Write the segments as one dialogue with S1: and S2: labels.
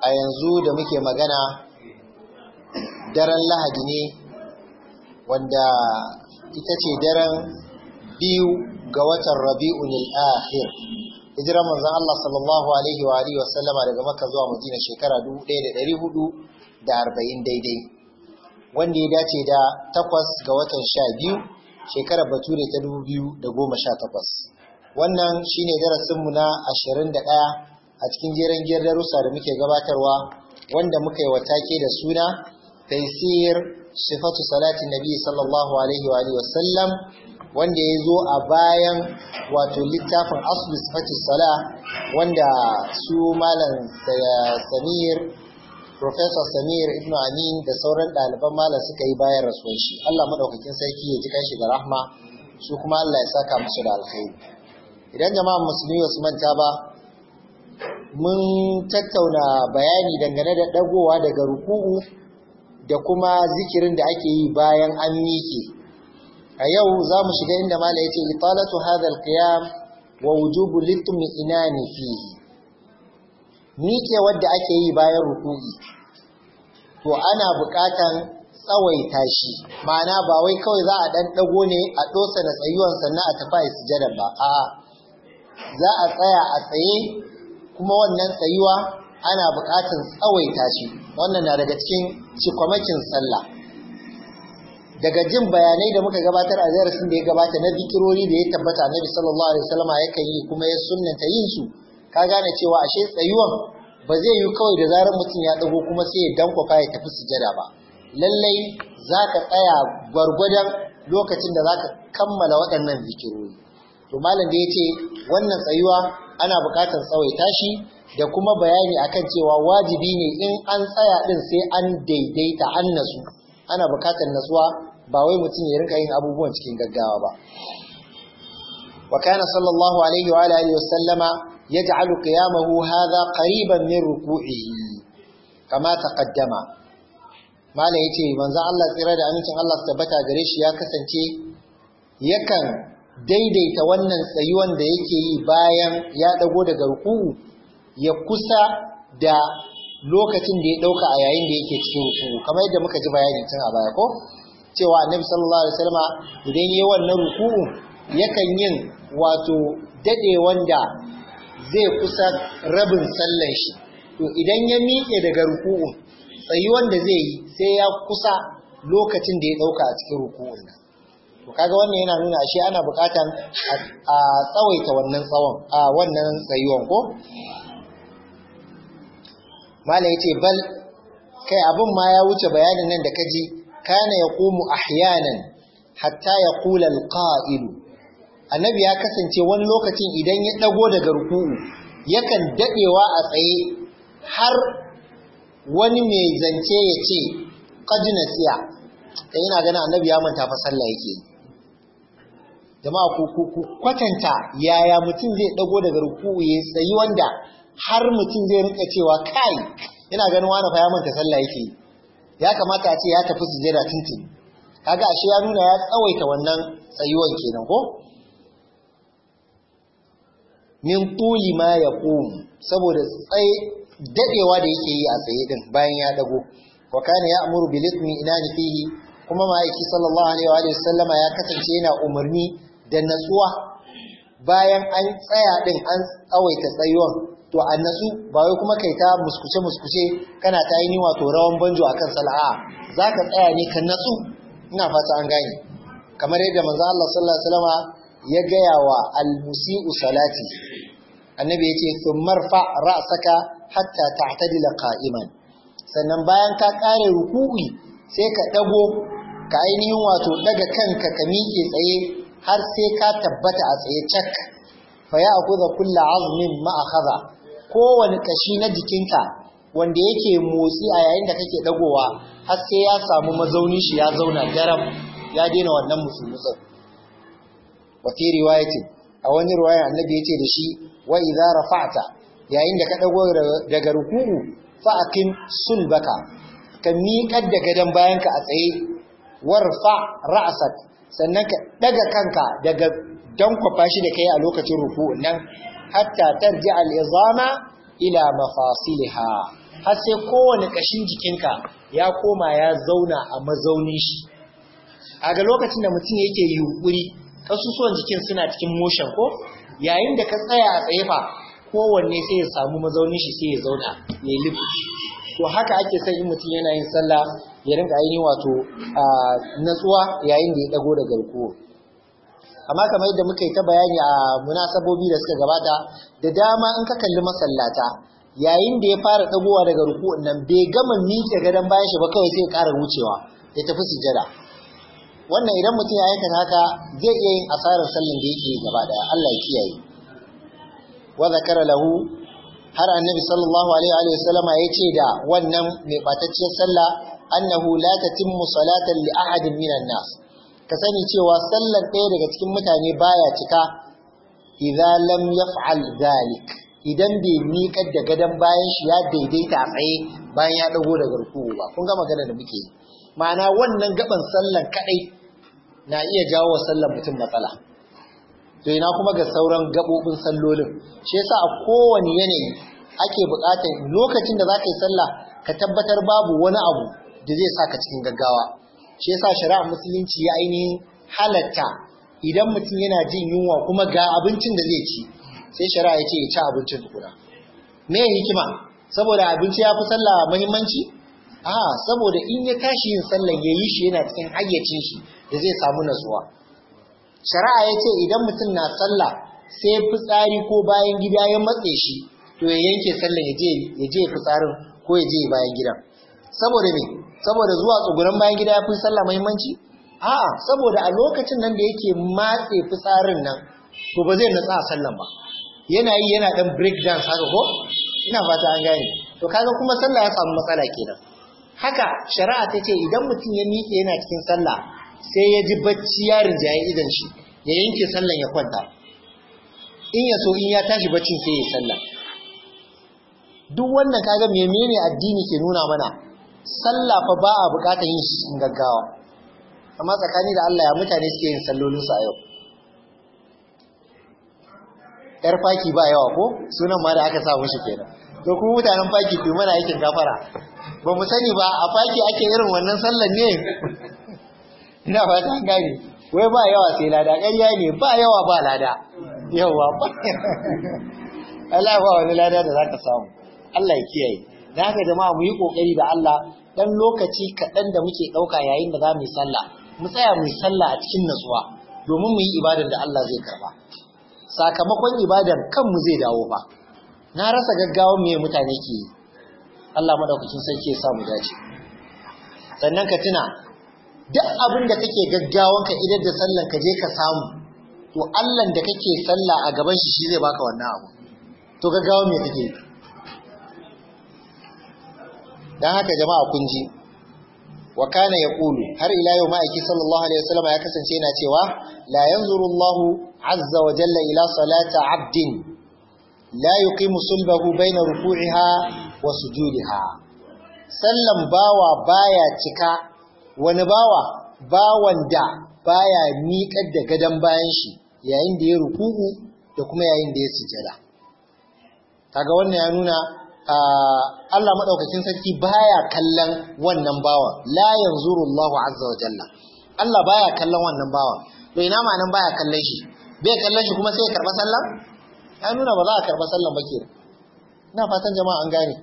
S1: a yanzu da muke magana daren lahadi ne wanda ita ce daren biyu ga watan rabi'un al Ahir, hijirar manzon Allah sallallahu alaihi wa alihi wasallama daga Makka zuwa Madina shekara 1440 daidai wanda ya dace da takwas ga watan sha biyu shekarar bature ta goma 2018 wannan shine darasinmu na ashirin da ɗaya. a cikin jerin giyar darussa da muke gabatarwa wanda muka yi take da suna taisir sifatu salatin nabi sallallahu alaihi wa alihi wasallam wanda ya zo a bayan wato littafin asli sifatu sala wanda su malam samir Professor Samir Ibn Amin da sauran ɗaliban malam suka yi bayan rasuwan shi. Allah maɗaukakin sarki ya ji kanshi da rahma su kuma Allah ya saka musu da alkhairi. Idan jama'a musulmi wasu manta ba, mun tattauna bayani dangane da ɗagowa daga ruku'u da kuma zikirin da ake yi bayan an miƙe a yau za mu shiga inda mala ce italatu hadal qiyam wa wujubu inani fihi miƙe wadda ake yi bayan ruku'i to ana buƙatan tsawaita shi ma'ana ba wai kawai za a ɗan ɗago ne a ɗosa na tsayuwan sannan a tafi a sujada ba a'a za a tsaya a tsaye kuma wannan tsayuwa ana buƙatar tsawaita shi wannan na daga cikin cikwamakin sallah daga jin bayanai da muka gabatar a darasin da ya gabata na zikirori da ya tabbata na sallallahu alaihi ya yakan yi kuma ya sunnanta yin su ka gane cewa ashe tsayuwan ba zai yi kawai da zarar mutum ya dago kuma sai ya danko ya tafi sujada ba lallai za ka tsaya gwargwadon lokacin da za ka kammala waɗannan zikirori to malam da ya ce wannan tsayuwa ana buƙatar tsawaita shi da kuma bayani akan cewa wajibi ne in an tsaya din sai an daidaita an nasu ana buƙatar nasuwa ba wai mutum ya rinka yin abubuwan cikin gaggawa ba wa kana sallallahu alaihi wa alihi wa sallama yaj'alu qiyamahu hadha qariban min ruku'ihi kama taqaddama mala yace manzo Allah tsira da amincin Allah su tabbata gare shi ya kasance yakan daidaita wannan tsayuwan da yake yi bayan ya dago daga ruku'u ya kusa da lokacin da ya ɗauka a yayin da yake cikin ruku'u kamar yadda muka ji bayanin tun a baya ko cewa annabi sallallahu alaihi wasallam idan yayi wannan ruku'u yakan yin wato dade wanda zai kusa rabin sallan shi to idan ya miƙe daga ruku'u tsayuwan da zai yi sai ya kusa lokacin da ya ɗauka a cikin ruku'un to kaga wannan yana nuna shi ana bukatan a tsawaita wannan tsawon a wannan tsayuwan ko malai yace bal kai abin ma ya wuce bayanin nan da kaji kana ya kumu ahyanan hatta ya kula alqa'il annabi ya kasance wani lokacin idan ya dago daga ruku'u yakan dadewa a tsaye har wani mai zance ya ce qad siya. ina gana annabi ya manta fa sallah yake yi jama'a ko ko kwatanta yaya mutum zai dago daga ruku'u ya tsayi wanda har mutum zai rinka cewa kai ina ganin wani fa ya manta sallah yake ya kamata a ce ya tafi sujjada tuntuni kaga ashe ya nuna ya tsawaita wannan tsayuwan kenan ko min tuli ma ya qum saboda tsaye dadewa da yake yi a tsaye din bayan ya dago wa kana ya'muru bil ithmi inani fihi kuma ma'aiki sallallahu alaihi wa sallama ya kasance yana umarni da natsuwa bayan an tsaya din an tsawaita tsayuwan to a natsu ba wai kuma kai ta muskuce muskuce kana ta yi wato rawan banjo a akan sala'a ka tsaya ne ka natsu ina fata an gane kamar yadda manzo Allah sallallahu alaihi wasallama ya gaya wa al-musi'u salati annabi yace Ra ra'saka hatta ta'tadila qa'iman sannan bayan ka kare ruku'i sai ka dago ka ainihin wato daga kanka ka miƙe tsaye har sai ka tabbata a tsaye cak fa ya akuza kulla azmin ma akhadha kowane kashi na jikinka wanda yake motsi a yayin da kake dagowa har sai ya samu mazauni shi ya zauna garam ya daina wannan musulmusa wa fi riwayatin a wani riwaya annabi yace da shi wa idza rafa'ta yayin da ka dago daga ruku'u fa akin sulbaka ka miƙar da gadon bayanka a tsaye warfa ra'asak sannan ka daga kanka daga don kwafa shi da kai a lokacin ruku'un nan hatta tarji al'izama ila mafasiliha har sai kowane kashin jikinka ya koma ya zauna a mazaunin shi a ga lokacin da mutum yake yunkuri kasusuwan jikin suna cikin motion ko yayin da ka tsaya a tsaye fa kowanne sai ya samu mazaunin shi sai ya zauna ya yi to haka ake son in mutum yana yin sallah ya rinka ainihin wato natsuwa yayin da ya dago daga garkuwa amma kamar yadda muka yi ta bayani a munasabobi da suka gabata da dama in ka kalli masallata yayin da ya fara dagowa daga rukun nan bai gama miƙe gadon bayan shi ba kawai sai ya ƙara wucewa ya tafi sujada wannan idan mutum ya aikata haka zai iya yin asarar sallan da yake gaba daya Allah ya kiyaye wa zakara lahu har annabi sallallahu alaihi wa sallama ya ce da wannan mai batacciyar sallah annahu la tatimmu salatan li ahadin minan nas ka sani cewa sallar ɗaya daga cikin mutane baya cika idza lam yaf'al zalik idan bai miƙar da gadon bayan shi ya daidaita a tsaye bayan ya dago daga ruku'u ba kun ga magana da muke yi ma'ana wannan gaban sallar kadai na iya jawo wa sallar mutum matsala to ina kuma ga sauran gabobin sallolin shi yasa a kowane yanayi ake buƙatar lokacin da za ka yi sallah ka tabbatar babu wani abu da zai saka cikin gaggawa shi yasa shari'ar musulunci ya ainihin halatta idan mutum yana jin yunwa kuma ga abincin da zai ci sai shari'a ya ce ya ci abincin tukuna me hikima saboda abinci ya fi sallah muhimmanci a saboda in ya tashi yin sallah ya yi shi yana cikin hayyacin shi da zai samu natsuwa shari'a ya ce idan mutum na sallah sai fitsari ko bayan gida ya matse shi to ya yanke sallah ya je fitsarin ko ya je bayan gidan saboda me saboda zuwa tsuguran bayan gida ya fi sallah muhimmanci a'a saboda a lokacin nan da yake matse fitsarin nan to ba zai natsa a sallan ba yana yi yana dan break dance haka ko ina fata an gane to kaga kuma sallah ya samu matsala kenan haka shari'a ta ce idan mutum ya miƙe yana cikin sallah sai ya ji bacci ya rinjaye idan shi ya yanke sallan ya kwanta in ya so in ya tashi baccin sai ya sallah duk wannan kaga menene addini ke nuna mana sallah fa ba a bukatar yin shi cikin gaggawa amma tsakani da Allah ya mutane suke yin sallolin su a yau yar faki ba yawa ko sunan ma da aka sa mushi kenan to kuma mutanen faki ku mana aikin gafara ba mu sani ba a faki ake irin wannan sallan ne ina fata an wai ba yawa sai lada ƙarya ne ba yawa ba lada yawa ba Allah ba wani lada da zaka samu Allah ya kiyaye da ka jama'a mu yi kokari da Allah dan lokaci kaɗan da muke ɗauka yayin da za mu yi sallah mu tsaya mu yi sallah a cikin natsuwa domin mu yi ibadar da Allah zai karba sakamakon ibadar kanmu zai dawo ba na rasa gaggawa me mutane ke yi Allah madaukakin sarki ya mu dace sannan ka tuna duk abin da kake gaggawan ka idan da sallan ka je ka samu to Allah da kake sallah a gaban shi shi zai baka wannan abu to gaggawa me kake yi dan haka jama'a kun ji wa kana ƙulu har ila yau ma'aiki sallallahu alaihi wasallam ya kasance yana cewa la yanzuru Allahu azza wa jalla ila salati 'abdin la yuqimu sulbahu baina ruku'iha wa sujudiha sallan bawa baya cika wani bawa bawan da baya miƙar da gadon bayan shi yayin da ya ruku'u da kuma yayin da ya sujada kaga wannan ya nuna Allah maɗaukakin sarki baya kallon wannan bawan la yanzuru Allahu azza wa jalla Allah baya kallon wannan bawan to ina ma nan baya kallon shi bai kallon shi kuma sai ya sallan ya nuna ba za a karba sallan ba kenan ina fatan jama'a an gane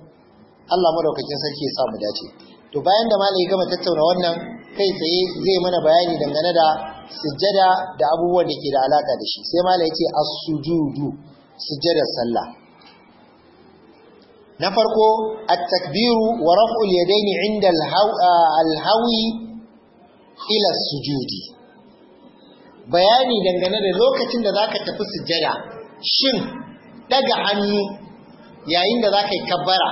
S1: Allah maɗaukakin sarki ya samu dace to bayan da malai gama tattauna wannan kai tsaye zai mana bayani dangane da sujjada da abubuwan da ke da alaka da shi sai malai ya ce as-sujudu sujjadar sallah na farko at-takbiru wa raf'ul yadaini 'inda ah, al-hawi ila sujudi bayani dangane da lokacin da zaka tafi sujjada shin daga hannu yayin da zaka yi kabbara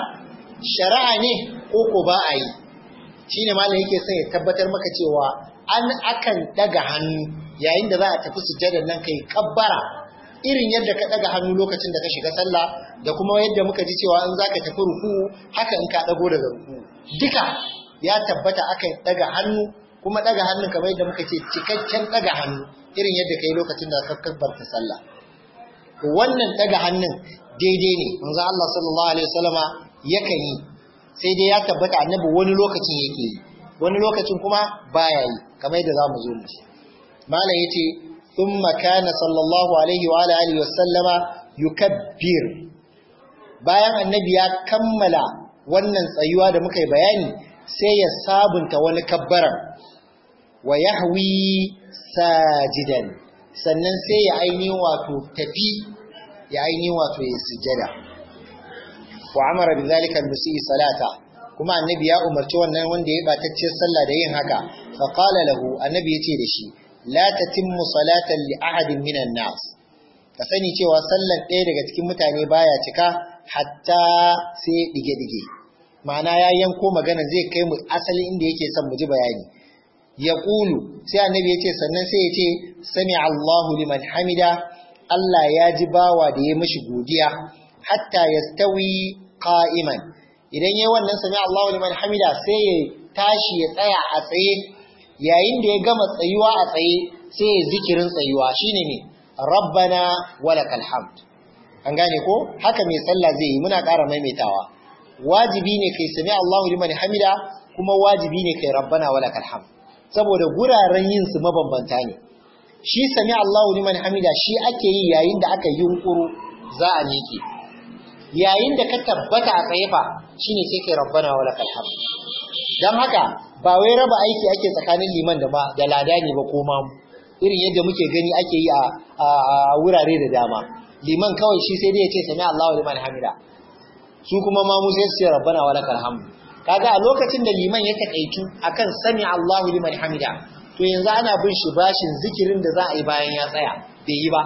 S1: shari'a ne ko ko ba a yi shine malam yake son ya tabbatar maka cewa an akan daga hannu yayin da za a tafi sujada nan kai kabbara irin yadda ka ɗaga hannu lokacin da ka shiga sallah da kuma yadda muka ji cewa in za ka tafi ruku haka in ka ɗago daga ruku duka ya tabbata aka ɗaga hannu kuma ɗaga hannun kamar yadda muka ce cikakken ɗaga hannu irin yadda ka yi lokacin da ka barta sallah wannan ɗaga hannun daidai ne za Allah sallallahu alaihi yakan yi sai dai ya tabbata annabi wani lokacin yake yi wani lokacin kuma baya yi kamar yadda zamu zo mu malam yace thumma Makana sallallahu yu wa bayan annabi ya kammala wannan tsayuwa da muka yi bayani sai ya sabunta wani kabbarar wa yahwi sajidan sannan sai ya aini wato tafi ya ainihin wato ya sujada wa amara bi zalika al-musii salata kuma annabi ya umarci wannan wanda ya batacciyar sallah da yin haka fa qala lahu annabi yace da shi la tatimmu salatan li ahadin minan nas ka sani cewa sallar ɗaya daga cikin mutane baya cika hatta sai dige-dige ma'ana ya yanko magana zai kai mu asali inda yake son mu ji bayani ya ƙulu sai annabi ya ce sannan sai ya ce sami Allahu liman hamida Allah ya ji bawa da ya mashi godiya hatta ya stawi qa'iman idan ya wannan sami Allahu liman hamida sai ya tashi ya tsaya a tsaye yayin da ya gama tsayuwa a tsaye sai ya zikirin tsayuwa shine ne rabbana walakal hamd an gane ko haka mai sallah zai yi muna ƙara maimaitawa wajibi ne kai sami Allahu liman hamida kuma wajibi ne kai rabbana walakal hamd saboda guraren yin su mabambanta ne shi sami Allahu liman hamida shi ake yi yayin da aka yunkuru za a miƙe yayin da ka tabbata a tsaye fa shine sai kai rabbana walakal hamd dan haka ba wai raba aiki ake tsakanin liman da da ladani ba ko mamu irin yadda muke gani ake yi a wurare da dama liman kawai shi sai dai ya ce sami Allahu liman hamida su kuma mamu sai su ce rabbana walakal Ka kaga a lokacin da liman ya takaitu akan sami Allahu liman hamida to yanzu ana bin shi bashin zikirin da za a yi bayan ya tsaya bai yi ba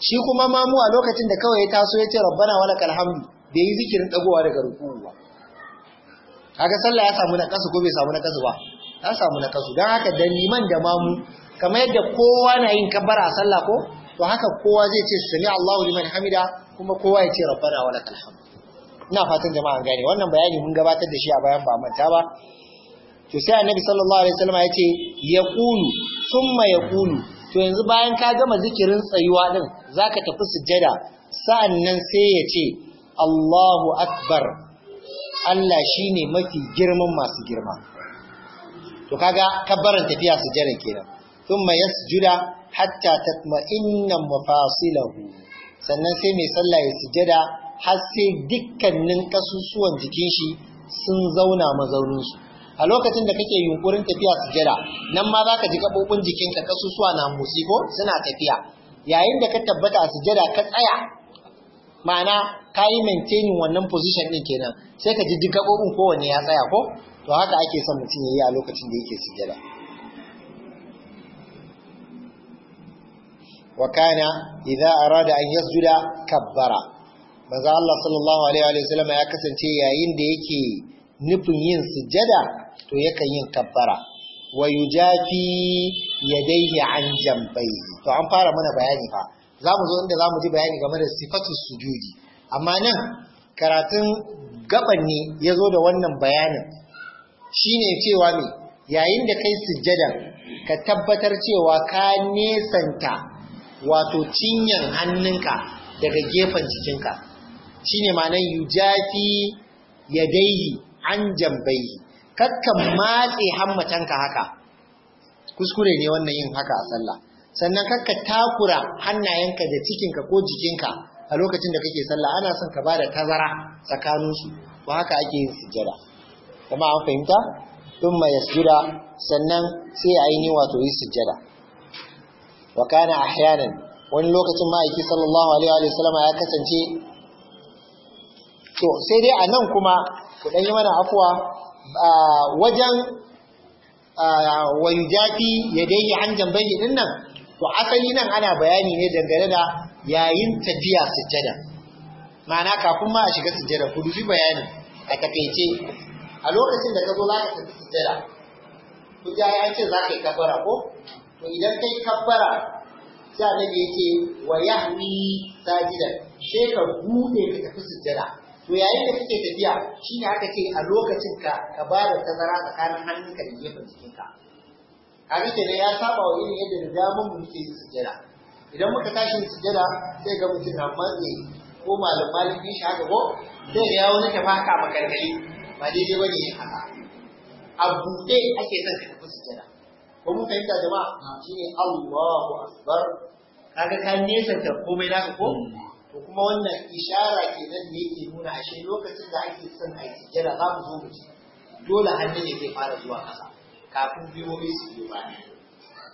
S1: shi kuma mamu a lokacin da kawai ya taso ya ce rabbana walakal hamdu bai yi zikirin dagowa daga ruku'u ba kaga sallah ya samu na kasu ko bai samu na kasu ba ya samu na kasu don haka da liman da mamu kamar yadda kowa na yin kabbara a sallah ko to haka kowa zai ce sami Allahu liman hamida kuma kowa ya ce rabbana wa lakal hamd ina fatan jama'a an gane wannan bayani mun gabatar da shi a bayan ba manta ba to sai annabi sallallahu alaihi wasallam ya ce yaqulu thumma yaqulu to yanzu bayan ka gama zikirin tsayuwa din zaka tafi sujjada sa'annan sai ya ce Allahu akbar Allah shi ne mafi girman masu girma to kaga kabbaran tafiya sujada kenan yasu yasjuda hatta innan mafasilahu sannan sai mai sallah ya sujada har sai dukkanin kasusuwan jikin shi sun zauna mazaunin a lokacin da kake yunkurin tafiya sujada, nan ma zaka ji gabobin jikinka kasusuwa na motsi ko suna tafiya yayin da ka tabbata a ka tsaya ma'ana ka yi maintaining wannan position ɗin kenan sai ka ji gaɓoɓin kowanne ya tsaya ko to haka ake son mutum ya yi a lokacin da yake sujada wa kana idza arada an yasjuda kabbara manzo Allah sallallahu alaihi wa sallam ya kasance yayin da yake nufin yin sujada to yakan yin kabbara wa yujafi yadayhi an jambayhi to an fara mana bayani fa za mu zo inda za mu ji bayani game da sifatu sujudi amma nan karatun gaban ne ya zo da wannan bayanin Shi ne cewa me yayin da kai sujada ka tabbatar cewa ka nesanta wato cinyan hannunka daga gefen jikinka shine ma'anar yujafi daihi an jambayi kakkan matse hammatanka haka kuskure ne wannan yin haka a sallah sannan kakka takura hannayenka da cikinka ko jikinka a lokacin da kake sallah ana son ka bada tazara tsakaninsu ba haka ake yin sujjada kuma an fahimta ya yasjuda sannan sai ni wato yi sujjada wa kana ahyanan wani lokacin ma'aiki sallallahu alaihi wa sallam ya kasance to sai dai a nan kuma ku ɗan yi mana afwa wajen jafi ya daina an jambayi nan to asali nan ana bayani ne dangane da yayin tafiya sujjada ma'ana kafin ma a shiga sujjada ku dubi bayanin a takaice a lokacin da ka zo za ka tafi sujjada ku ja ya ce za ka yi kabbara ko to idan kai kabbara sai annabi ya ce wa yahmi sajida sai ka bude ka tafi sujjada to yayin da kake tafiya shine aka ce a lokacin ka ka ba da tazara tsakanin hannunka da gefen jikinka abinda ne ya saba wa irin yadda da mun mu ke yin sujjada idan muka tashi su sujjada sai ga mutum na matse ko malam maliki shi haka ko Zai ya wani ta faka makarkari ba daidai ne ya haka a buɗe ake son ka tafi sujjada ko mun fahimta jama'a shine Allahu akbar kaga ka nesa ta komai naka ko to kuma wannan ishara nan ne yake nuna ashe lokacin da ake son a yi sujjada za mu zo mu ci dole hannun ne zai fara zuwa ƙasa kafin biyoyi su yi ne.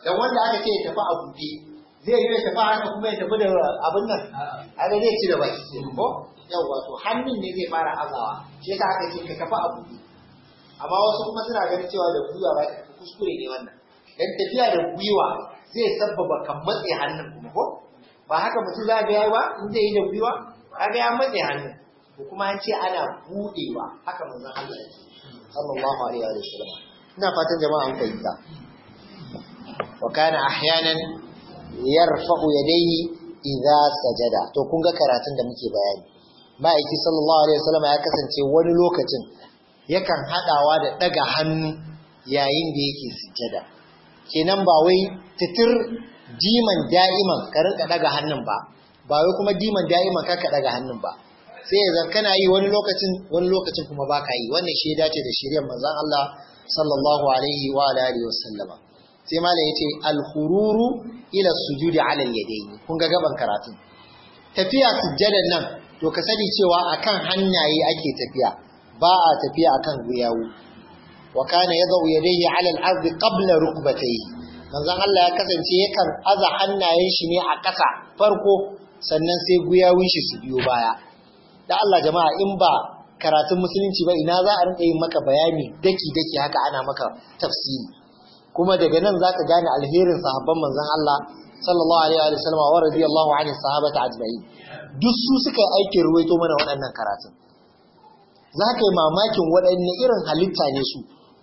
S1: dan wanda aka ce ya tafi a buɗe zai yi ya tafi haka kuma ya tafi da abin nan a zai ci da baki ce, ko yawwa to hannun ne zai fara azawa shi yasa aka ce ka tafi a buɗe amma wasu kuma suna ganin cewa da gwiwa ba ta kuskure ne wannan dan tafiya da gwiwa zai sabbaba kan matse hannun kuma ko ba haka mutum za ga yayi ba in zai yi da gwiwa kaga ya matse hannun ko kuma an ce ana buɗewa, haka manzon Allah ya ce sallallahu alaihi wa sallam ina fatan jama'a an fahimta wa kana ahyanan yarfa'u yadayhi idza sajada to kun ga karatun da muke bayani ma'aiki sallallahu alaihi wasallam ya kasance wani lokacin yakan hadawa da daga hannu yayin da yake sujjada kenan ba wai titir diman da'iman ka rinka daga hannun ba ba wai kuma diman da'iman ka ka daga hannun ba sai ya kana yi wani lokacin wani lokacin kuma baka yi wannan shi ya dace da shirya manzon Allah sallallahu alaihi wa alihi wa sallama sai malam yace al-khururu ila sujudi ala al-yadayn kun ga gaban karatu tafiya sujjadan nan to ka sani cewa akan hannaye ake tafiya ba a tafiya akan guyawu wa kana yadau yadayhi ala al-ard qabla rukbatayhi manzon Allah ya kasance yakan aza hannayen shi ne a ƙasa farko sannan sai guyawun shi su biyo baya da Allah jama'a in ba karatun musulunci ba ina za a rinka yin maka bayani daki daki haka ana maka tafsiri kuma daga nan zaka gane alherin sahabban manzon Allah sallallahu alaihi wa sallam wa radiyallahu anhu sahabata ajma'in duk su suka yi aikin ruwaito mana waɗannan karatun zaka yi mamakin waɗanne irin halitta ne su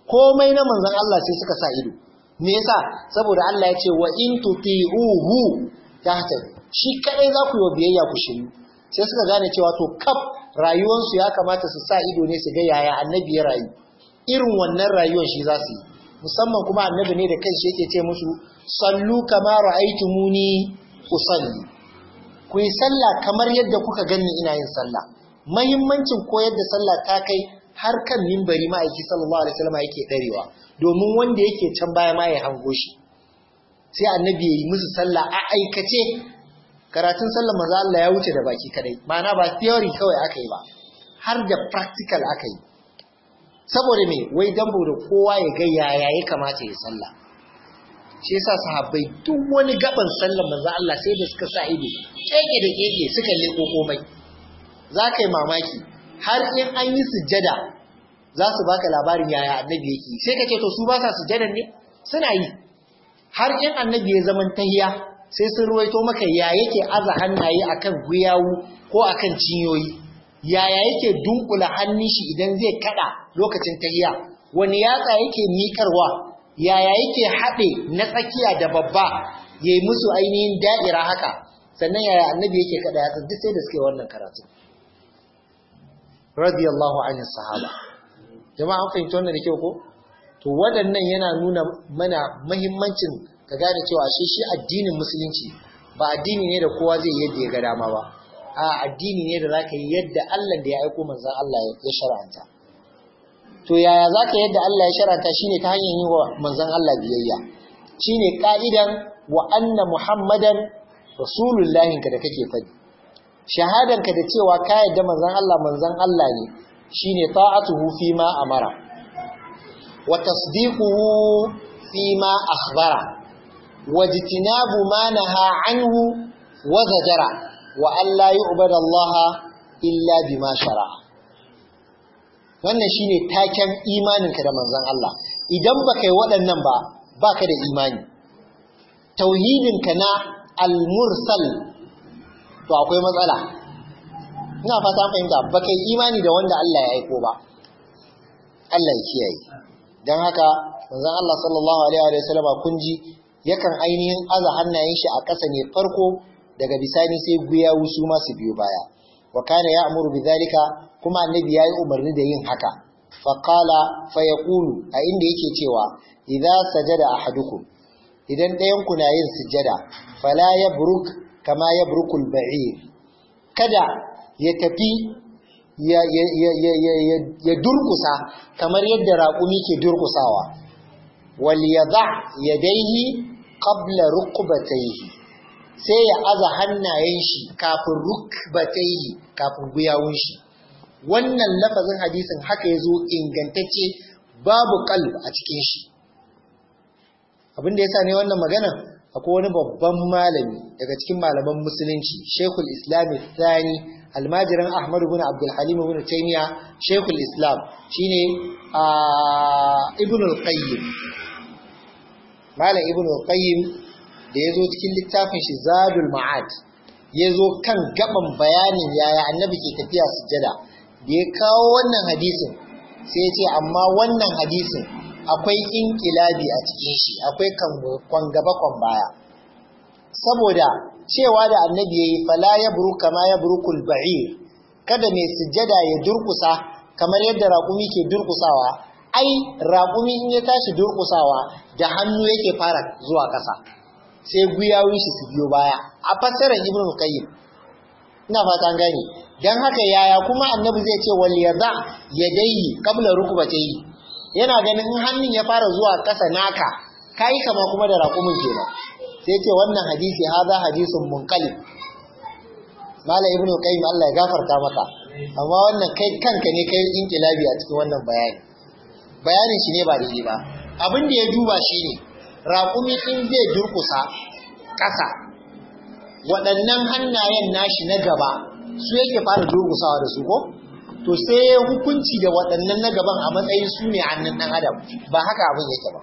S1: komai na manzon Allah sai suka sa ido me yasa saboda Allah ya ce wa in tuti'uhu tahtad shi kadai za ku yi biyayya ku shiru sai suka gane cewa to kaf rayuwansu ya kamata su sa ido ne su ga yaya annabi ya rayu irin wannan rayuwar shi za su yi musamman kuma annabi ne da kai shi yake ce musu sallu kama ra'aytumuni usalli ku yi sallah kamar yadda kuka gani ina yin sallah Muhimmancin koyar da sallah ta kai har kan mimbari ma'aiki sallallahu alaihi wasallam yake darewa domin wanda yake can baya ma ya hango shi sai annabi ya yi musu sallah a aikace karatun sallar maza Allah ya wuce da baki kadai mana ba theory kawai aka yi ba har da practical aka yi saboda me wai dambo da kowa ya ga yaya ya kamata ya sallah shi yasa sahabbai duk wani gaban sallar maza Allah sai da suka sa ido keke da keke suka leko komai za ka yi mamaki har in an yi sujjada za su baka labarin yaya annabi yake sai ka to su ba sa sujjadan ne suna yi har in annabi ya zaman tahiya sai sun ruwaito maka ya yake aza hannaye akan guyawu ko akan cinyoyi yaya yake dunkula hannun shi idan zai kada lokacin tahiya wani yatsa yake mikarwa yaya yake haɗe na tsakiya da babba ya yi musu ainihin da'ira haka sannan yaya annabi yake kada ya duk sai da suke wannan karatu radiyallahu anhu sahaba jama'a an fahimta wannan da kyau ko to waɗannan yana nuna mana mahimmancin ka gane cewa shi shi addinin musulunci ba addini ne da kowa zai yadda ya ga dama ba a addini ne da zaka yi yadda Allah da ya aiko manzon Allah ya shar'anta to yaya zaka yadda Allah ya shar'anta shine ta hanyar yi wa manzon Allah biyayya shine ka'idan wa anna muhammadan rasulullahi ka da kake faɗi shahadanka da cewa ka yadda manzon Allah manzon Allah ne shine ta'atuhu fi ma amara wa tasdiquhu fi akhbara wajtinabu ma naha anhu wa zajara wa alla yu'bada Allah illa bima wannan shine taken imaninka da manzon Allah idan baka yi waɗannan ba baka da imani tauhidinka na al-mursal to akwai matsala ina fata fahimta baka yi imani da wanda Allah ya aiko ba Allah ya kiyaye dan haka manzon Allah sallallahu alaihi wa sallama kun ji yakan ainihin aza hannayen shi a ƙasa ne farko daga bisani sai guya wusu masu biyu baya wa kana ya amuru bi zalika kuma annabi yayi umarni da yin haka fa qala fa a inda yake cewa idza sajada ahadukum idan ɗayan ku na yin sujada fala yabruk kama yabrukul ba'ir kada ya tafi ya durkusa kamar yadda raƙumi ke durkusawa wal yada yadaihi qabla rukbatayhi sai ya aza hannayen shi kafin rukbatayhi kafin guyawun shi wannan lafazin hadisin haka yazo ingantacce babu qalb a cikin shi abinda yasa ne wannan magana akwai wani babban malami daga cikin malaman musulunci Sheikhul Islam Thani almajirin Ahmad ibn Abdul Halim ibn Taymiyyah Sheikhul Islam shine ah, Ibn al-Qayyim malam ibnu qayyim da ya zo cikin littafin shi zadul ma'ad ya zo kan gaban bayanin yaya annabi ke tafiya sujada da ya kawo wannan hadisin sai ya ce amma wannan hadisin akwai inkilabi a cikin shi akwai kan gaba kan baya saboda cewa da annabi yayi fala ya buru kama ya kul ba'ir kada mai sujada ya durkusa kamar yadda raƙumi ke durkusawa ai raƙumi in ya tashi durƙusawa da hannu yake fara zuwa ƙasa sai guyawun shi su biyo baya a fassarar ibnu qayyim ina fata gani dan haka yaya kuma annabi zai ce wal kabla yadayhi qabla yi. yana ganin in hannun ya fara zuwa ƙasa naka kai kama kuma da raƙumin kenan sai ce wannan hadisi haza hadisun munqalib mala ibnu qayyim Allah ya gafarta maka amma wannan kai kanka ne kai inkilabi a cikin wannan bayani bayanin shi ne ba daidai ba abin ya duba shi ne raƙumi in zai durƙusa ƙasa waɗannan hannayen nashi na gaba su yake fara durƙusawa da su ko to sai ya hukunci da waɗannan na gaban a matsayin su ne hannun ɗan adam ba haka abin yake ba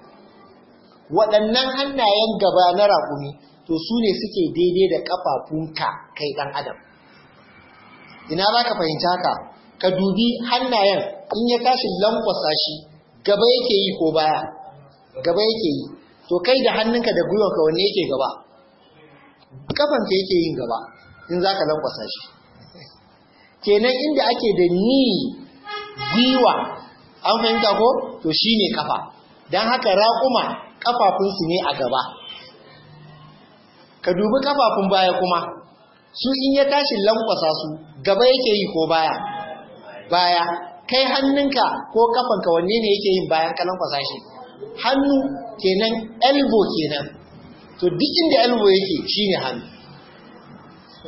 S1: waɗannan hannayen gaba na raƙumi to su ne suke daidai da ƙafafunka kai ɗan adam ina za ka fahimci haka ka dubi hannayen in ya tashi lankwasa shi gaba yake yi ko baya gaba yake yi to kai da hannunka da gwiwanka wanne yake gaba kafanka yake yin gaba in za ka lankwasa shi kenan inda ake da ni gwiwa an fahimta ko to shi ne kafa don haka raƙuma kafafunsu ne a gaba ka dubi kafafun baya kuma su in ya tashi lankwasa su gaba yake yi ko baya baya kai hannunka ko kafanka wanne ne yake yin bayan kalan kwasa shi hannu kenan elbow kenan to duk inda elbow yake shine hannu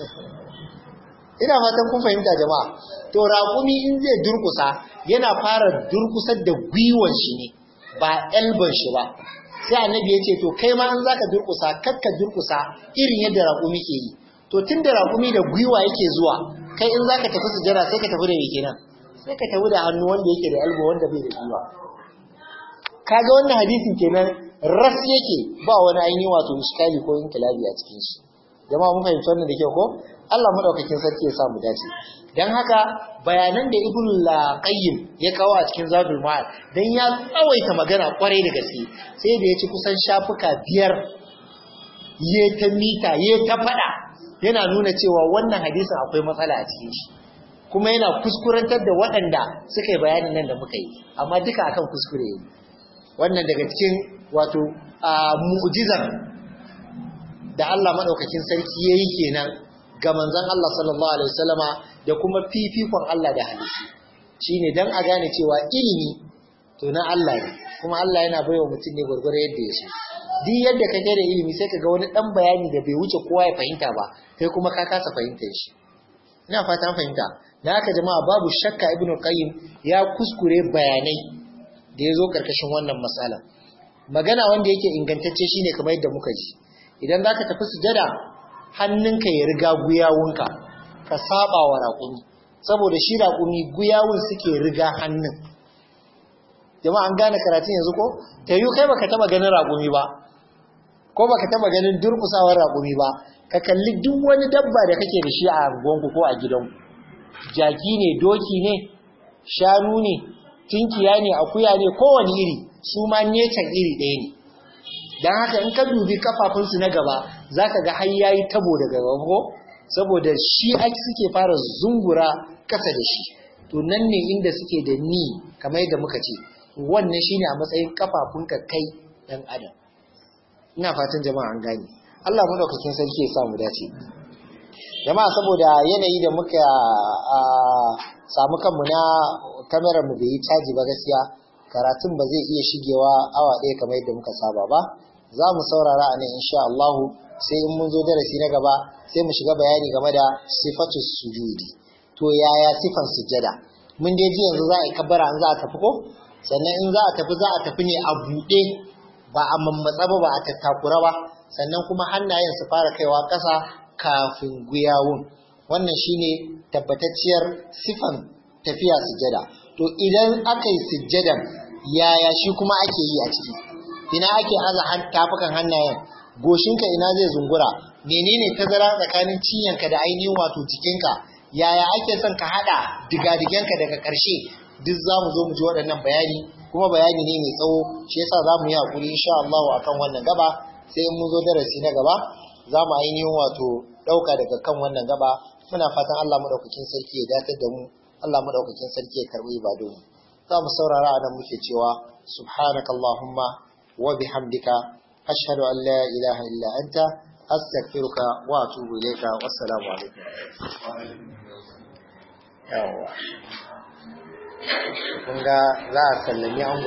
S1: ina fatan kun fahimta jama'a to raƙumi in zai durkusa yana fara durkusar da gwiwan shi ne ba elbon shi ba sai annabi ya ce to kai ma an zaka durkusa kakka durkusa irin yadda raƙumi ke yi to tun da raƙumi da gwiwa yake zuwa kai in zaka tafi sujara sai ka tafi da me kenan sai ka tafi da hannu wanda yake da elbow wanda bai da shi Ka kaga wannan hadisin kenan ras yake ba wani ainihin wato iskali ko inkilabi a cikin shi jama'a mun fahimci wannan da kyau ko Allah madaukakin sarki ya sa mu dace dan haka bayanan da Ibn Laqayyim ya kawo a cikin Zadul Ma'ad dan ya tsawaita magana kwarai da gaske sai da ya ci kusan shafuka biyar ya ta mita ya ta fada yana nuna cewa wannan hadisin akwai matsala a cikin shi kuma yana kuskurantar da waɗanda suka yi bayanin nan da muka yi amma duka akan kuskure ne wannan daga cikin wato mu'jizar da Allah madaukakin sarki yayi kenan ga manzon Allah sallallahu alaihi wasallama da kuma fifikon Allah da halittu shine dan a gane cewa ilimi to na Allah ne kuma Allah yana baiwa mutum ne gurgurar yadda ya so duk yadda ka da ilimi sai ka ga wani dan bayani da bai wuce kowa ya fahimta ba kai kuma ka kasa fahimtar shi ina fata fahimta Na haka jama'a babu shakka ibn qayyim ya kuskure bayanai da yazo karkashin wannan matsalar. magana wanda yake ingantacce shine kamar yadda muka ji idan zaka tafi sujada hannunka ya riga guyawunka ka saba wa raƙumi saboda shi raƙumi guyawun suke riga hannun jama'a an gane karatun yanzu ko ta yi kai baka taba ganin raƙumi ba ko baka taba ganin durkusawar raƙumi ba ka kalli duk wani dabba da kake da shi a unguwanku ko a gidanku jaki ne doki ne shanu ne tunkiya ne akuya ne kowane iri su ma necan iri ɗaya ne don haka in ka dubi kafafunsu na gaba za ka ga har yayi tabo daga gaba saboda shi ake suke fara zungura kasa da shi to nan ne inda suke da ni kamar yadda muka ce wannan shine a matsayin kafafunka kai dan adam ina fatan jama'a an gane Allah madaukakin sarki ya samu dace jama'a saboda yanayi da muka samu kanmu na kamerar mu bai yi caji ba gaskiya karatun ba zai iya shigewa awa ɗaya kamar yadda muka saba ba za mu saurara a nan insha Allah sai in mun zo darasi na gaba sai mu shiga bayani game da sifatu sujudi to yaya sifan sujada mun dai ji yanzu za a kabbara an za a tafi ko sannan in za a tafi za a tafi ne a buɗe ba a mammatsa ba ba a tattakura ba sannan kuma hannayen su fara kaiwa ƙasa kafin guyawun wannan shine tabbatacciyar sifan tafiya sujjada to idan aka yi sujjadan yaya shi kuma ake yi a ciki ina ake aza tafukan hannayen goshinka ina zai zungura menene tazara tsakanin cinyanka da ainihin wato jikinka yaya ake son ka haɗa digadigenka daga ƙarshe duk za mu zo mu ji waɗannan bayani kuma bayani ne mai tsawo shi yasa za mu yi haƙuri insha Allah akan wannan gaba sai mun zo darasi na gaba za mu ainihin wato ɗauka daga kan wannan gaba muna fatan Allah maɗaukakin sarki ya datar da mu Allah maɗaukakin sarki ya karɓi ibadun mu za mu saurara a nan muke cewa subhanaka allahumma wa bihamdika ashhadu an la ilaha illa anta astaghfiruka wa atubu ilayka assalamu alaikum kun ga za a sallami an